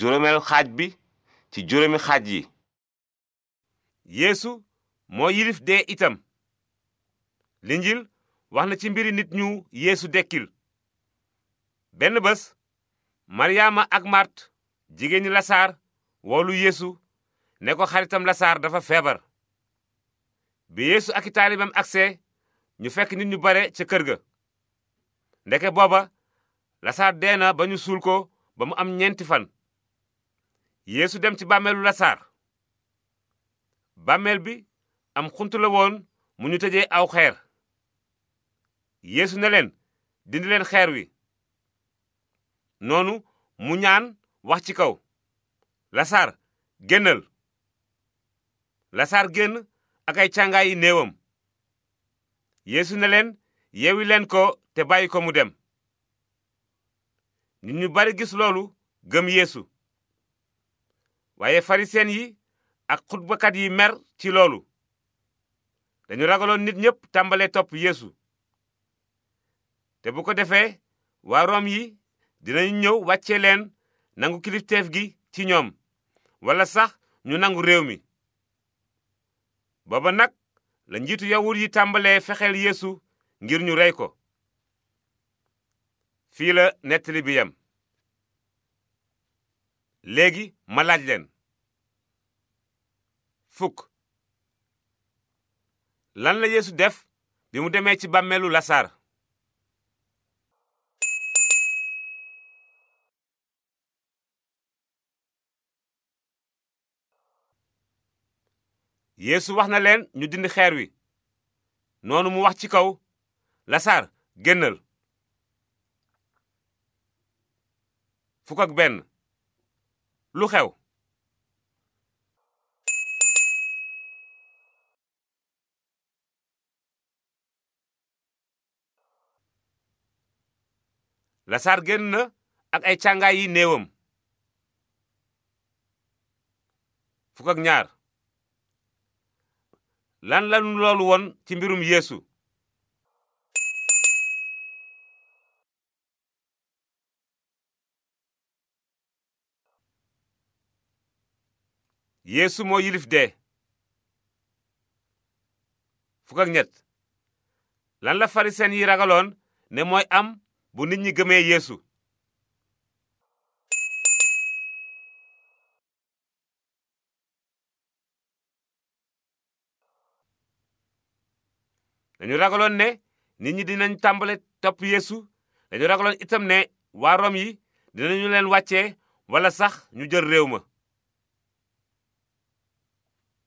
juróomeelu xaaj bi ci juróomi xaaj yi yeesu moo yilif dee itam linjil wax na ci mbiri nit ñu yéesu dekkil benn bés maryaama ak màrt jigéeni lasaar woolu yeesu ne ko xaritam lasaar dafa feebar bi yéesu ak i taalibam agsee ñu fekk nit ñu bare ca kër ga ndeke booba lasaar dee na ba ñu suul ko ba mu am ñeenti fan yeesu dem ci bàmmeelu lasaar bàmmeel bi am xunt la woon mu ñu tëjee aw xeer yéesu ne leen dindi leen xeer wi noonu mu ñaan wax ci kaw lasaar génnal lasaar génn ak ay càngaay yi néewam yéesu ne leen yeewi leen ko te bàyyi ko mu dem nit ñu bari gis loolu gëm yéesu waaye farisiyen yi ak xutbakat yi mer ci loolu dañu ragaloon nit ñépp tàmbalee topp yéesu te bu ko defee waa Room yi dinañu ñëw wàcce leen nangu kilifteef gi ci ñoom wala sax ñu nangu réew mi booba nag la njiitu yawut yi tàmbalee fexeel yéesu ngir ñu rey ko fii la nettali bi yem léegi ma laaj leen fukk la yeesu def bi mu demee ci bàmmeelu lasaar yeesu wax na leen ñu dindi xeer wi noonu mu wax ci kaw lasaar génnal fukk ak lu xew lasaar génn ak ay càngaay yi néewam fukk ñaar lan lanu loolu woon ci mbirum yéesu yeesu moo yilif dee fukk ak lan la fariseen yi ragaloon ne mooy am bu nit ñi gëmee yeesu dañu ragaloon ne nit ñi dinañ tàmbale topp yeesu dañu ragaloon itam ne waa rom yi dinañu leen wàcce wala sax ñu jël réew ma